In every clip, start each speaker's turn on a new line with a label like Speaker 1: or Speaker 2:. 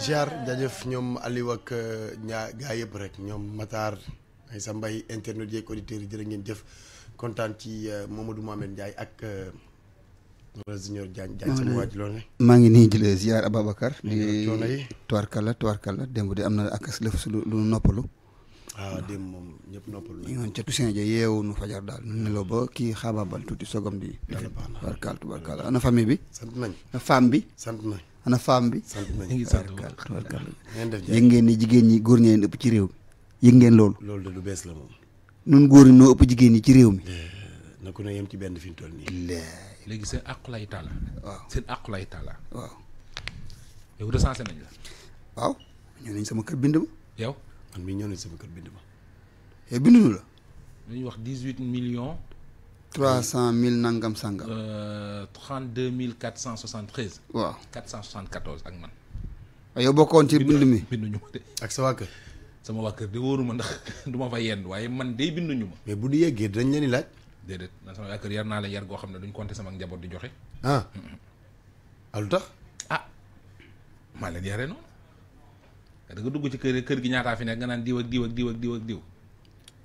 Speaker 1: ziar jaajëf ñoom Aliou ak euh, ñaa gaa yëpp rek ñoom Matar ay sa mbay internet yeeg auditeurs yi jërë ngeen jëf kontaan ci euh, Mamadou Mohamed Ndiaye ak. Euh, Junior Diagne Diagne sama waa ji loolu
Speaker 2: maa ngi nii di la ziar Ababacar. di coono yi tuwarkalla tuwarkalla démb de am na ak as lëf su lu noppalu.
Speaker 1: waaw ah, démb moom ñëpp noppalu.
Speaker 2: ñu ngi ca Toussaint ja yeewu nu fajar daal nu nelaw ba kii xaabaabal tuuti sogom di. tubarkalla tubarkalla ana famille bi. sant nañ femme bi. sant nañ. ana femme bi. sant nañu
Speaker 1: ngi yëg ngeen ne jigéen
Speaker 2: ñi góor ñi leen ëpp ci réew mi yëg ngeen loolu. loolu de lu bees la moom. nun góor ñi noo ëpp jigéen ñi ci réew mi.
Speaker 1: na ko ne yem ci benn fi
Speaker 3: mu toll nii. léegi seen àqu lay tàlla. waaw seen àqu lay tàlla. waaw. yow recensé nañ
Speaker 2: sama kër bind ma. yow man mii ñëw sama kër bind ma. yow eh, bindu la.
Speaker 3: dañuy wax dix huit millions.
Speaker 2: trois cent mille nangam sangam.
Speaker 3: Euh, trente deux mille quatre cent soixante treize. waaw quatre cent soixante ak man.
Speaker 2: Ah, waaye bokkoon ci bind mi ñu ma de. ak sa waa kër. sama waa kër de wóoruma ndax
Speaker 3: du ma fa yenn waaye man de binduñu ma. mais bu ñu yeggee dañ leen di laaj. déedéet man sama waa kër yar naa la yar goo xam ne duñ compter sama njaboot di joxe. ah. alu ah, tax. ah maa leen yaree noonu. da nga dugg ci kër kër gi ñaataa fi nekk nga naan diw ak diw ak diw ak diw ak diw.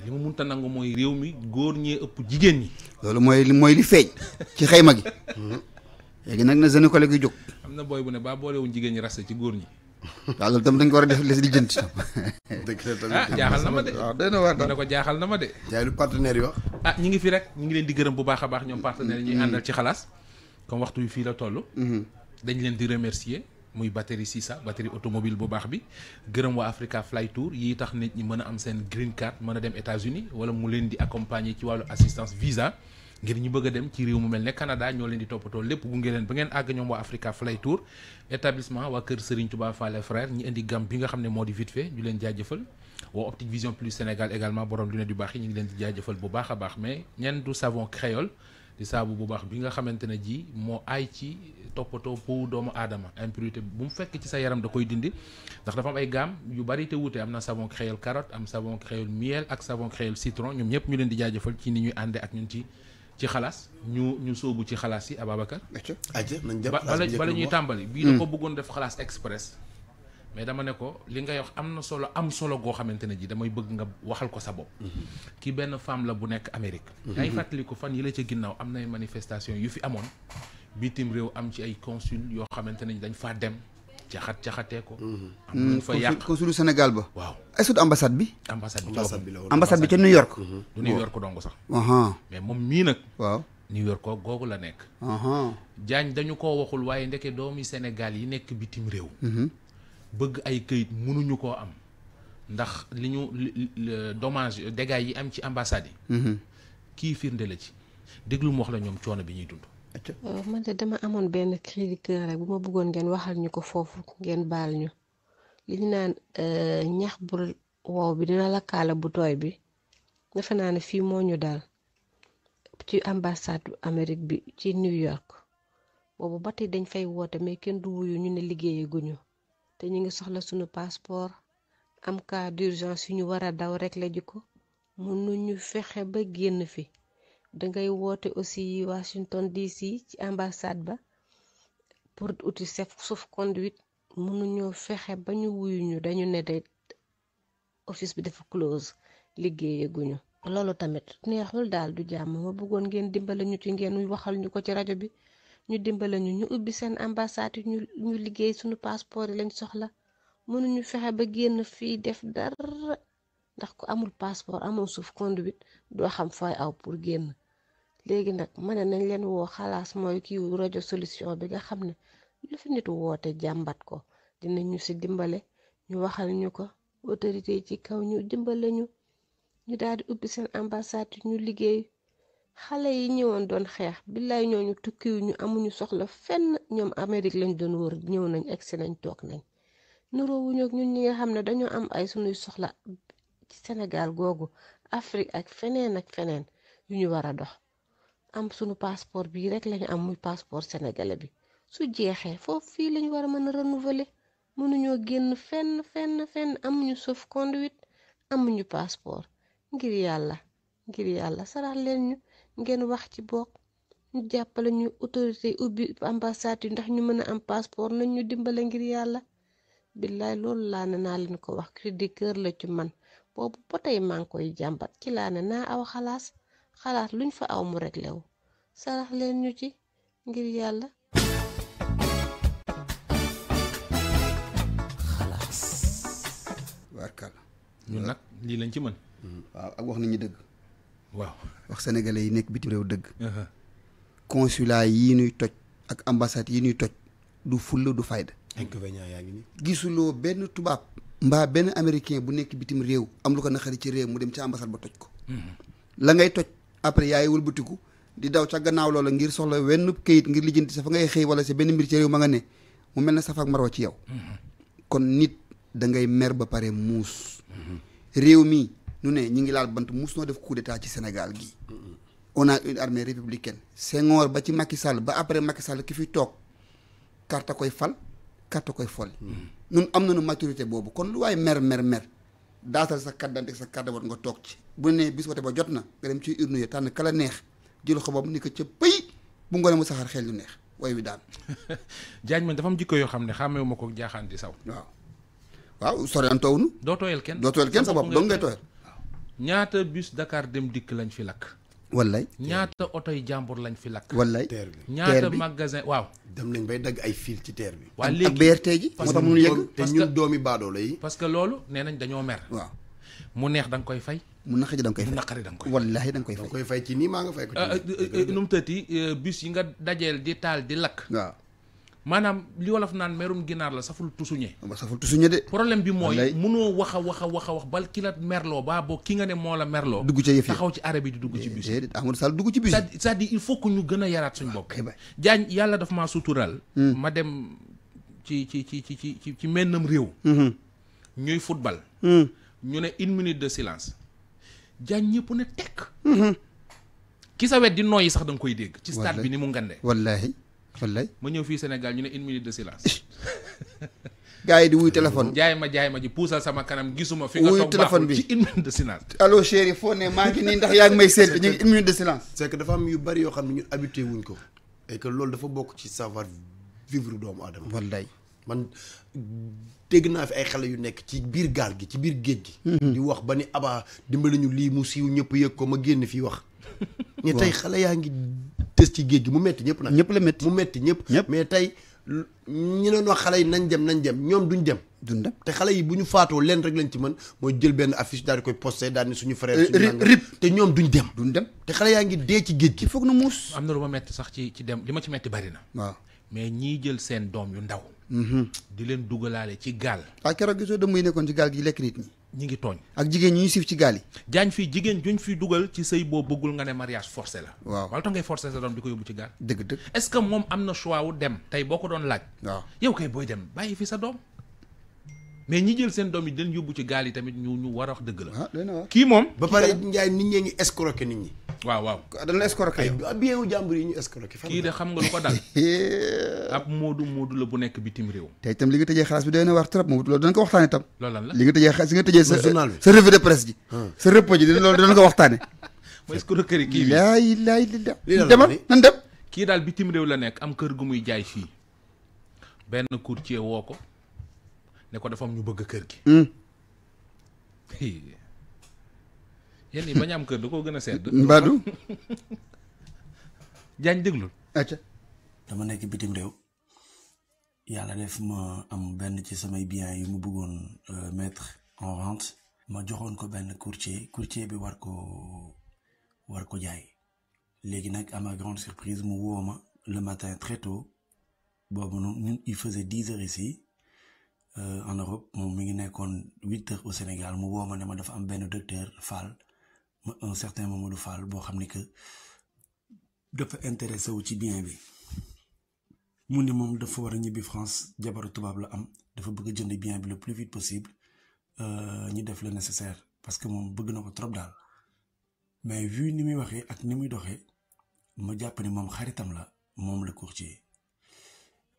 Speaker 3: li ma mënta nangu mooy réew mi góor ñee ëpp
Speaker 2: jigéen ñi. loolu mooy li mooy li feeñ ci xayma gi. léegi nag na jeune collègue yi jóg.
Speaker 3: am na booy bu ne baa boolewuñ jigéen ñi rase ci góor ñi.
Speaker 2: waaw loolu tam dañ ko war a def les lijjanti.
Speaker 3: dëgg la tamit ah jaaxal na ma de. waaw dana war ko jaaxal na ma de. jaay partenaire yi wax. ah ñi ngi fi rek ñu ngi leen di gërëm bu baax a baax ñoom partenaire yi ñuy mm-hmm. àndal ci xalaas. comme waxtu yu fii la toll. Mm-hmm. dañ leen di remercier. muy batterie ça, batterie automobile bobarbi baax bi Africa Fly Tour yi tax nit ñi mëna am green card mëna dem États-Unis wala mu leen di accompagner ci walu assistance visa ngir ñi bëgg dem ci réew mu melne Canada ñoo leen di toppatoo lépp gunge leen ba ngeen ag Africa Fly Tour établissement wa kër Serigne Touba Fallé frère ñi indi gam bi nga xam modi vite fait ñu leen jaajëfal Wa Optique Vision Plus Sénégal également borom lu ne du baax yi ñu ngi leen di jaajëfal bu baaxa baax mais ñen du savon créole di saabu bu baax bi nga xamante ne ji moo aay ci toppatoo pou doomu aadama impurité bu mu fekk ci sa yaram da koy dindi ndax dafa am ay gaam yu bari te wuute am na savon créole carotte am savon créole miel ak savon créole citron ñoom ñëpp ñu leen di jaajëfal ci ni ñuy àndee ak ñun ci ci xalaas ñu ñu sóobu ci xalaas yi Ababacar. nañ bala ñuy tàmbali. bii da ko hmm. bëggoon def xalaas express. mais dama ne ko li ngay wax am na solo am solo goo xamante ne ji damay bëgg nga waxal ko sa bopp. Mhm. ki benn femme la bu nekk Amérique. Mhm. ngay fàttali ko fan yi la ca ginnaaw am nay manifestation yu fi amoon bitim réew am ci ay consul yoo xamante ne dañ faa dem caxat caxatee ko. Mhm.
Speaker 2: am nañ fa yàq consulu Sénégal ba. waaw ay sut ambassade bi. ambassade bi la woon ambassade bi ca New York. du New York dong sax.
Speaker 3: mais moom mii nag. waaw. New York googu la nekk. Diagne dañu koo waxul waaye ndeke doomi Sénégal yi nekk bitim réew. bëgg ay këyit mënuñu koo am ndax li ñu dommage dégâts yi am ci ambassade yi. Mhm. kii firnde la ci déglu mu wax la ñoom coono bi ñuy dund.
Speaker 4: Euh, man dama amoon benn cri du cœur rek bu ma bëggoon ngeen waxal ñu ko foofu ngeen baal ñu li ñu naan euh, ñax bu wow bi dina lakkaala bu tooy bi defe naa ne fii moo ñu daal ci ambassade amerique bi ci New York boobu ba tey dañ fay woote mais kenn du wuyu ñu ne liggéeyaguñu. te ñu ngi soxla suñu passeport am cas d'urgence yu ñu war a daw rekle ji ko mënuñu fexe ba génn fi dangay woote aussi Washington DC ci ambassade ba pour uti sef sauf-conduit mënuñoo fexe ba ñu wuyuñu dañu ne de office bi dafa close liggéeyaguñu loolu tamit neexul daal du jàmm ma bëggoon ngeen dimbale ñu ci ngeen waxal ñu ko ci rajo bi ñu dimbale ñu ñu ubbi seen ambassade yu ñu liggéey suñu passeport yi lañ soxla mënuñu fexe ba génn fii def dara ndax ku amul passeport amoon suuf conduite doo xam fooy aw pour génn léegi nag ma ne nañ leen woo xalaas mooy kii rajo solution bi nga xam ne lu fi nit woote jàmbat ko dina ñu si dimbale ñu waxal ñu ko autorité yi ci kaw ñu dimbale ñu ñu daal di ubbi seen ambassade ñu liggéey xale yi ñëwoon doon xeex billaay ñooñu tukkiwu ñu amuñu soxla fenn ñoom Amérique lañ doon wër ñëw nañ egsi nañ toog nañ nuroowuñu ak ñun ñi nga xam ne dañoo am ay sunuy soxla ci Sénégal googu Afrique ak feneen ak feneen yu ñu war a dox am sunu passeport bii rek lañu am muy passeport sénégalais bi su jeexee foofu fii lañu war a mën a renouveler mënuñoo génn fenn fenn fenn amuñu sauf conduite amuñu passeport ngir yàlla ngir yàlla sarax leen ñu. ngeen wax ci bok ñu jàppale ñu autorité ubi ambassade ndax ñu mëna am passeport nañ ñu dimbale ngir yalla billahi lool la na naa leen ko wax crédit cœur la ci man bobu ba mang koy jambat ci la na na aw khalas khalas luñ fa aw mu rek lew sarax leen ñu ci ngir yalla
Speaker 2: khalas barkal ñun nak li lañ ci man hmm. waaw ak wax ñi deug Wow, wax sénégalais yi nekk bitim réew dëgg consulat yi ñuy toj ak ambassade yi ñuy toj du fulla du fayda inconvénient yaa ngi ni gisuloo benn tubaab mbaa benn américain bu nekk bitim réew am lu ko naqari ci réew mu dem ci ambassade ba toj ko mhm. la ngay toj après yaay wëlbatiku di daw ca gannaaw ngir soxla wenn kayit ngir lijjanti sa fa ngay wala sa benn mbir ci réew ma nga ne mu mel ak marwa ci yow mhm. kon nit da ngay mer ba pare muus mhm. réew mi nu ne ñu ngi laal bant mus noo def coup d'état ci Sénégal gi on a une armée républicaine Senghor ba ci Macky Sall ba après Macky Sall ki fi toog karta koy fal karta koy fol nun am nañu maturité boobu kon lu waaye mer mer mer daatal sa carte d'identité sa carte de nga toog bu ne bis wote ba jot na nga dem ci urne ya tànn kala neex jël xobam ni ko ca pëy bu ngoone mu saxaar xel lu neex way wi daal jaañ man dafa am yoo xam ne xàmmewu ma ko jaaxaan di saw waaw waaw soreyaan toowunu doo tooyal kenn doo tooyal kenn sa bopp doo ngay tooyal
Speaker 3: ñaata bus Dakar dem dikk lañ fi lakk. wallay ñaata otoy jàmbur lañ fi lakk. wallay teer bi ñaata magasin waaw. dem nañ bay dagg ay fil ci teer bi. waa léegi ak BRT ji. parce que mu yegg te ñun doomi baadoolo yi. parce loolu nee nañ dañoo mer. waaw mu neex danga koy fay. mu naqari da nga koy fay mu naqari
Speaker 1: da nga koy fay. koy fay koy fay ci nii maa nga fay ko. Ah, euh, euh, euh, nu
Speaker 3: mu tëti bus yi nga dajeel di taal di lakk. waaw. maanaam li wolof naan merum ginaar la saful tusuñe ah, saful tusuñe de problème bi mooy munoo wax a wax a wax a wax bal ki la merloo baa boo ki nga ne moo la merloo dugg ca yëf yi taxaw ci arab yi di dugg ci eh, bus Amadou Sall dugg ci bus c'est-à-dire il faut que ñu gën a yaraat suñ bopp ah, jaañ yàlla daf maa sutural hmm. ma dem ci ci ci ci ci ci ci mennam réew hmm. ñuy football hmm. ñu ne une minute de silence jaañ ñëpp ne tekk ki sa wet di nooyi sax da nga koy dégg ci stade bi ni mu ngande wallahi wallay ma ñëw fii senegal ñu ne une minute de silence.
Speaker 2: gars yi di wuy téléphone.
Speaker 3: jaay ma jaay ma ji puusal sama kanam gisuma. fi nga toog téléphone bi ci une
Speaker 1: minute de silence. allo yaa may seet ñu ngi une minute de am yu bari yoo xam ne ñun habitué wuñ ko. et loolu dafa bokk ci savoir vivre doomu aadama. wallay man dégg naa fi ay xale yu nekk ci biir gaal gi ci biir géej gi. Mm-hmm. di wax ba ni abaa dimbali ñu lii mu siiw ñëpp yëg ko ma génn fii wax. waaw tey xale yaa ngi. tës ci géej gi mu metti ñëpp nag. ñëpp la metti mu metti ñëpp. ñëpp mais tey ñu doon wax xale yi nañ dem nañ dem ñoom duñ dem. duñ te xale yi bu ñu faatoo leen rek lañ ci mën mooy jël benn affice daal di koy posté daal ni suñu frère. Euh, suñu rip te ñoom duñ dem. te xale yaa ngi dee ci géej gi. foog na muus.
Speaker 3: am na lu ma metti sax ci ci dem li ma ci metti
Speaker 2: bari na. waaw
Speaker 3: mais ñiy jël seen doom yu ndaw. Mhm. di leen dugalaale ci gaal.
Speaker 2: ah keroog gisoo dem muy nekkoon ci gaal gi lekk nit ñi ngi tooñ. ak jigéen ñi ñu siif ci gaal yi. jaañ fii jigéen juñ fi
Speaker 3: dugal ci sëy boo bëggul nga ne mariage forcé la. waaw wala tax ngay forcé sa doom di ko yóbbu ci gaal. dëgg dëgg est-ce que moom am na choix wu dem tey boo ko doon laaj. waaw yow kay booy dem bàyyi fi sa doom. mais ñi jël seen doom yi dañ yóbbu ci gaal yi tamit ñu ñu war a wax dëgg la. Ah, kii moom.
Speaker 1: ba pare njaay nit ñee ngi escroquer nit ñi.
Speaker 3: waaw waaw dañ la escroquer ay bien wu jàmbur yi ñu escroquer kii de xam nga lu ko dal ab moodu moodu la bu nekk bitim réew
Speaker 2: te itam li nga tëjee xalaas bi doy na waar trop moom loolu dinañ ko waxtaane itam loolu la li nga tëjee xalaas li nga tëjee sa sa revue de presse ji ah. sa repo ji loolu dinañ ko waxtaane
Speaker 3: bi laay laay li demal nan dem kii daal bitim réew la nekk am kër gu muy jaay fii benn courtier woo ko ne ko dafa ñu bëgg kër gi hmm. yéen ñi bañ am kër da koo gën a sedd. Mbadou. Diagne déglul. acca.
Speaker 5: dama nekk bitim réew yàlla def ma am benn ci samay bien yu mu bëggoon euh, mettre en vente. ma joxoon ko benn courtier courtier bi war ko war ko jaay. léegi nag à ma grande surprise mu woo ma le matin très tôt boobu ñun il faisait dix heures ici euh, en Europe moom mi ngi nekkoon huit heures au Sénégal mu woo ma ne ma dafa am benn docteur Fall un certain Mamadou Fall bo xamné ne que dafa intéressé wu ci bien bi mune mom moom dafa wara ñibi France jabaru tubaab la am dafa bëgg jënd bien bi le plus vite possible euh, ñi def le nécessaire parce que mom bëgg nako trop dal mais vu ni muy waxé ak ni muy doxé ma japp ni mom xaritam la mom le courtier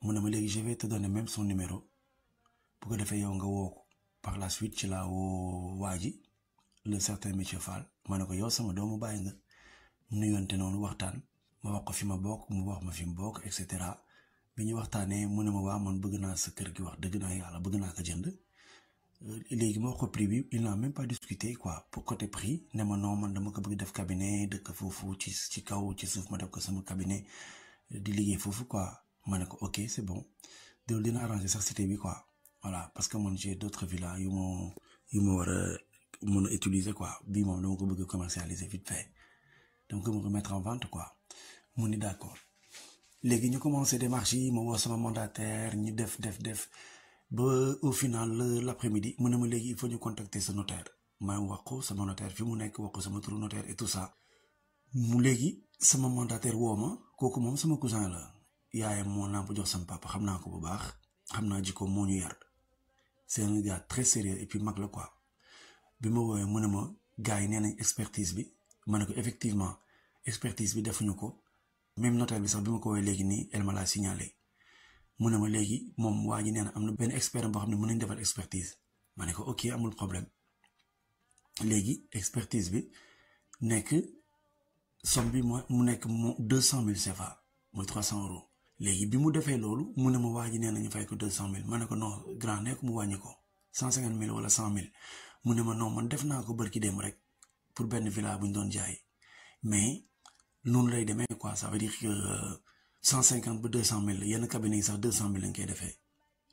Speaker 5: mune ma légui je vais te donner même son numéro bu ko defee yow nga woko par la suite ci la Wadi le certain monsieur Fall mané ko yow sama doomu bàyyi nga nuyonté non waxtaan ma wax ko fi ma bok mu wax ma fi mu bok et cetera bi ñu mu ne ma man bëgg na sa kër gi wax deug na yalla bëgg na ko jënd euh, léegi ma wax ko prix bi il n'a même pas discuté quoi pour côté prix né ma non man dama ko bëgg def cabinet dëkk fofu ci ci kaw ci suuf ma def ko sama cabinet di liggéey fofu quoi mané ko ok c'est bon loolu dina arranger sax cité bi quoi voilà parce que mon j'ai d'autres villas yu ma yu ma mon utiliser quoi bii mom dama ko commercialiser vite fait Donc ko remettre en vente quoi On est d'accord ñu commencé sama mandataire def def def ba au final euh, l'après-midi ne il faut ñu contacter ce notaire sama notaire fi mu nekk wax sama notaire et tout ça mandataire sama cousin la yaayam mon jox sama papa xamna ko bu baax xamna jiko mo ñu c'est un gars très sérieux et puis quoi bi ma woowee mu ne ma gars yi nee nañ expertise bi ma ne ko effectivement expertise bi defuñu ko même notaire bi sax bi ma ko woowee léegi nii elle ma laa signalé mu ne ma léegi moom waa ji nee na am na benn expert boo xam ne mën nañ defal expertise ma ne ko ok amul problème léegi expertise bi nekk somme bi mooy mu nekk deux cent mille CFA mooy trois cent euros léegi bi mu defee loolu mu ne ma waa ji nee na ñu fay ko deux cent mille ma ne ko non grand nekk mu wàññi ko cent cinquante mille wala cent mille monument normal défendre un couple qui demeure pour bien vivre à bout d'un jahai mais nous nous aidons mais quoi ça veut dire que 150 euh, 200 mille il y a un capital de 200 mille en quelque chose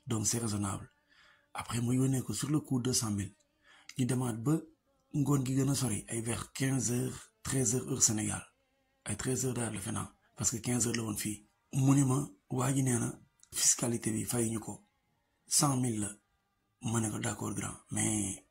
Speaker 5: donc c'est raisonnable après mon union est que sur le coup 200 mille il demande un gros gigantesque soirée à vers 15 h 13 h heure sénégal à 13 h là le finan parce que 15 heures le on fait monument où ailleurs il y en a fiscalité fait il y a quoi 200 mille monnaie de la courge là mais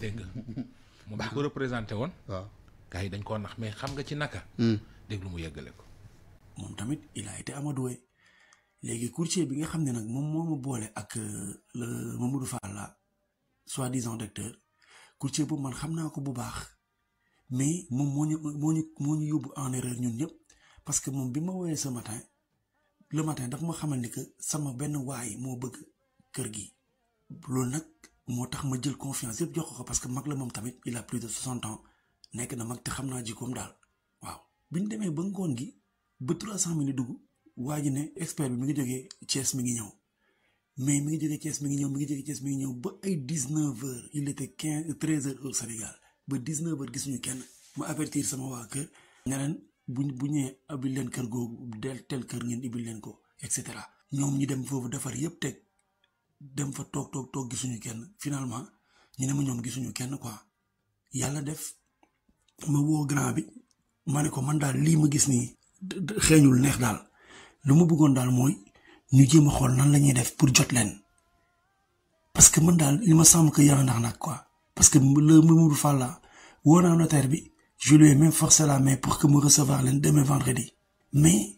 Speaker 3: dégg nga moom bi ko représenté woon. waaw yi dañ koo nax mais xam nga ci naka. Hmm. déglu mu yeggale ko.
Speaker 5: moom tamit il a été léegi courtier bi nga xam ne nag moom moo ma boole ak euh, le Mamadou Falla soi-disant docteur courtier boobu man xam naa ko bu baax mais moom moo ñu moo ñu moo ñu yóbbu en erreur ñun ñëpp parce que moom bi ma woowee ce matin le matin daf ma xamal ni que sama benn waay moo bëgg kër gi loolu nag. moo tax ma jël confiance yëpp jox ko parce que mag la moom tamit il a plus de soixante ans nekk na mag te xam naa jikkoom daal waaw bi ñu demee ba ngoon gi ba trois cent mille dugg waa ji ne expert bi ngi jógee Thiès mi ngi ñëw mais mi ngi jógee Thiès mi ngi ñëw mi ngi jógee Thiès mi ñëw ba ay dix neuf heures te était quinze treize heures au Sénégal ba dix neuf heures gisuñu kenn ma avertir sama waa kër ne bu buñ bu ñëwee ubbi leen kër googu del tel kër ngeen di ubbi leen ko et cetera ñoom ñu dem foofu defar yëpp teg. dem fa tok tok tok gisuñu kenn finalement ñu ne ma ñoom gisuñu kenn quoi yalla def ma wo grand bi mané ko man dal li ma gis ni xéñul neex dal lu ma bëggon dal moy ñu jéem xol nan lañuy def pour jot leen parce que man dal il me semble que yaa ndax nak quoi parce que le Mamadou fala la notaire bi je lui ai même forcé la main pour que me recevoir leen demain vendredi mais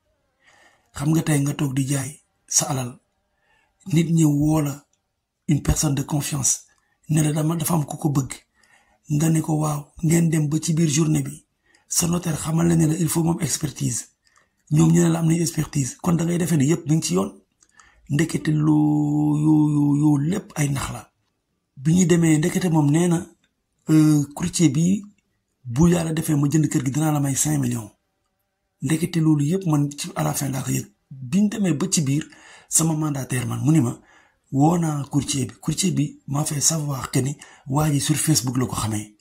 Speaker 5: xam nga tay nga tok di jaay sa alal nit une personne de confiance ne la dama dafa am ku ko bëgg nga ne ko waaw ngeen dem ba ci biir journée bi sa notaire xamal ne la il faut expertise ñoom ñu la am expertise kon da ngay ni ngi ci yoon ndekete le yo yo yo ay nax la bi ñu ndekete mom néna euh, courtier bi bu ma jënd kër gi la may millions ndekete lolu yëpp man ci à la fin laa ko yëg biñ demee ba ci biir sama mandataire man munima ni courtier bi courtier bi ma fait savoir que ni waji sur Facebook lako xamé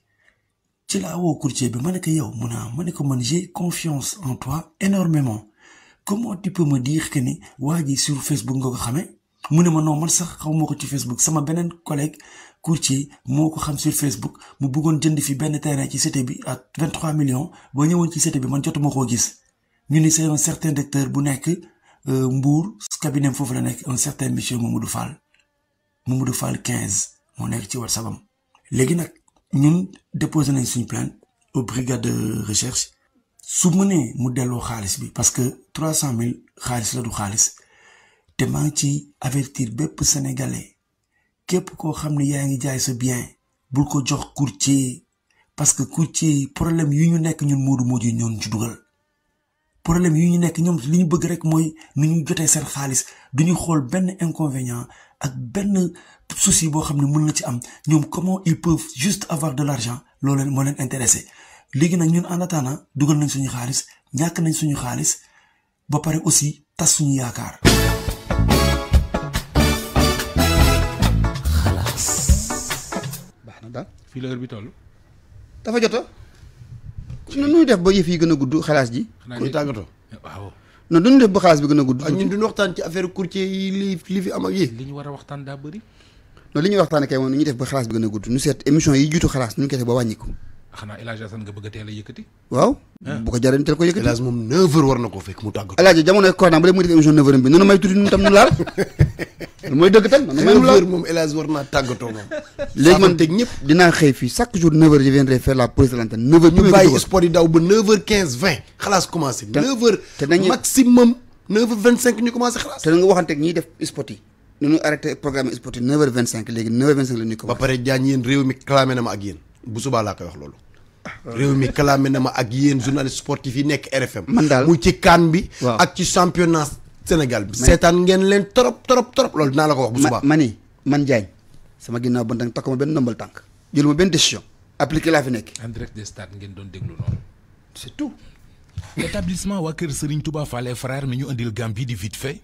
Speaker 5: ci la wo courtier bi ma ko yow mu naa ah, ko man j'ai confiance en toi énormément comment tu peux me dire que ni waji sur Facebook nga ko xamee mu non man sax xaw ma ci Facebook sama benen collègue courtier moko xam sur Facebook mu bëggone jënd fi benn terrain ci cité bi à 23 millions ba ñëwon ci cité bi man jotuma koo gis ñu ni c'est un certain docteur bu nekk euh, Mbour cabinet fofu la nekk un certain monsieur Mamadou Fall Mamadou Fall 15 mo nekk ci WhatsApp am léegi nag ñun déposé nañ suñu plainte au brigade de recherche su mënee mu délo xaliss bi parce que 300000 xaliss la du xaliss te maa ci avertir bép sénégalais képp koo xam ne yaa ngi jaay sa bien bul ko jox courtier parce que courtier problème yu ñu nekk ñun Modou Modou ñoon ci dugal problème yu ñu nekk ñoom li ñu bëgg rek mooy ñu jotee seen xaalis du ñu xool benn inconvénient ak benn souci ci comment ils peuvent juste avoir de l'argent loolu moo leen intéressé léegi nag ñun en attendant nañ suñu nañ suñu ba aussi tas suñu
Speaker 3: la
Speaker 2: non nu ñuy def ba yëf yi gën a gudd xalaas ji. kon tàggatoo waaw. non du ñu def ba xalaas bi gën a gudd. ak ñun du
Speaker 1: ñu waxtaan ci affaire courtier yi li li fi am ak yi. li ñu war a waxtaan daa bëri.
Speaker 2: non li ñu waxtaan kay moom ni ñuy def ba xalaas bi gën a gudd ñu seet émission yi jiitu xalaas nu ñu koy def ba wàññiku
Speaker 3: xanaa El Hadj Assane nga bëgg a teel a yëkkati.
Speaker 2: waaw. Ah. bu ko jaree ñu teel ko yëkkati. El Hadj moom 9h mu tàggatoo. El noonu may tuuti ñun tam ñu laal. mooy dëgg tam noonu may ñu
Speaker 1: laal naa tàggatoo moom. léegi man
Speaker 2: teg ñëpp dinaa xëy fii chaque jour 9h je viendrai faire la pause de l'antenne 9
Speaker 1: nu ba pare jaañ yéen réew mi clamé na ma ak yéen bu subaa laa koy wax loolu. réew mi kalaame na ma ak yéen journaliste sportif yi nekk RFM. man daal mu ci CAN bi. ak ci championnat Sénégal bi. seetaan ngeen leen trop trop trop loolu dinaa la ko
Speaker 2: wax. bu subaa ma mani man Diagne. sama ginnaaw ba tànk takk ma benn ndombal tànk. jëluma benn décision. appliqué laa fi nekk.
Speaker 3: en direct ngeen doon déglu noonu.
Speaker 2: c'est tout. établissement waa kër
Speaker 3: Serigne Touba Fallé frère mi ñu indil Gambie di vite fait.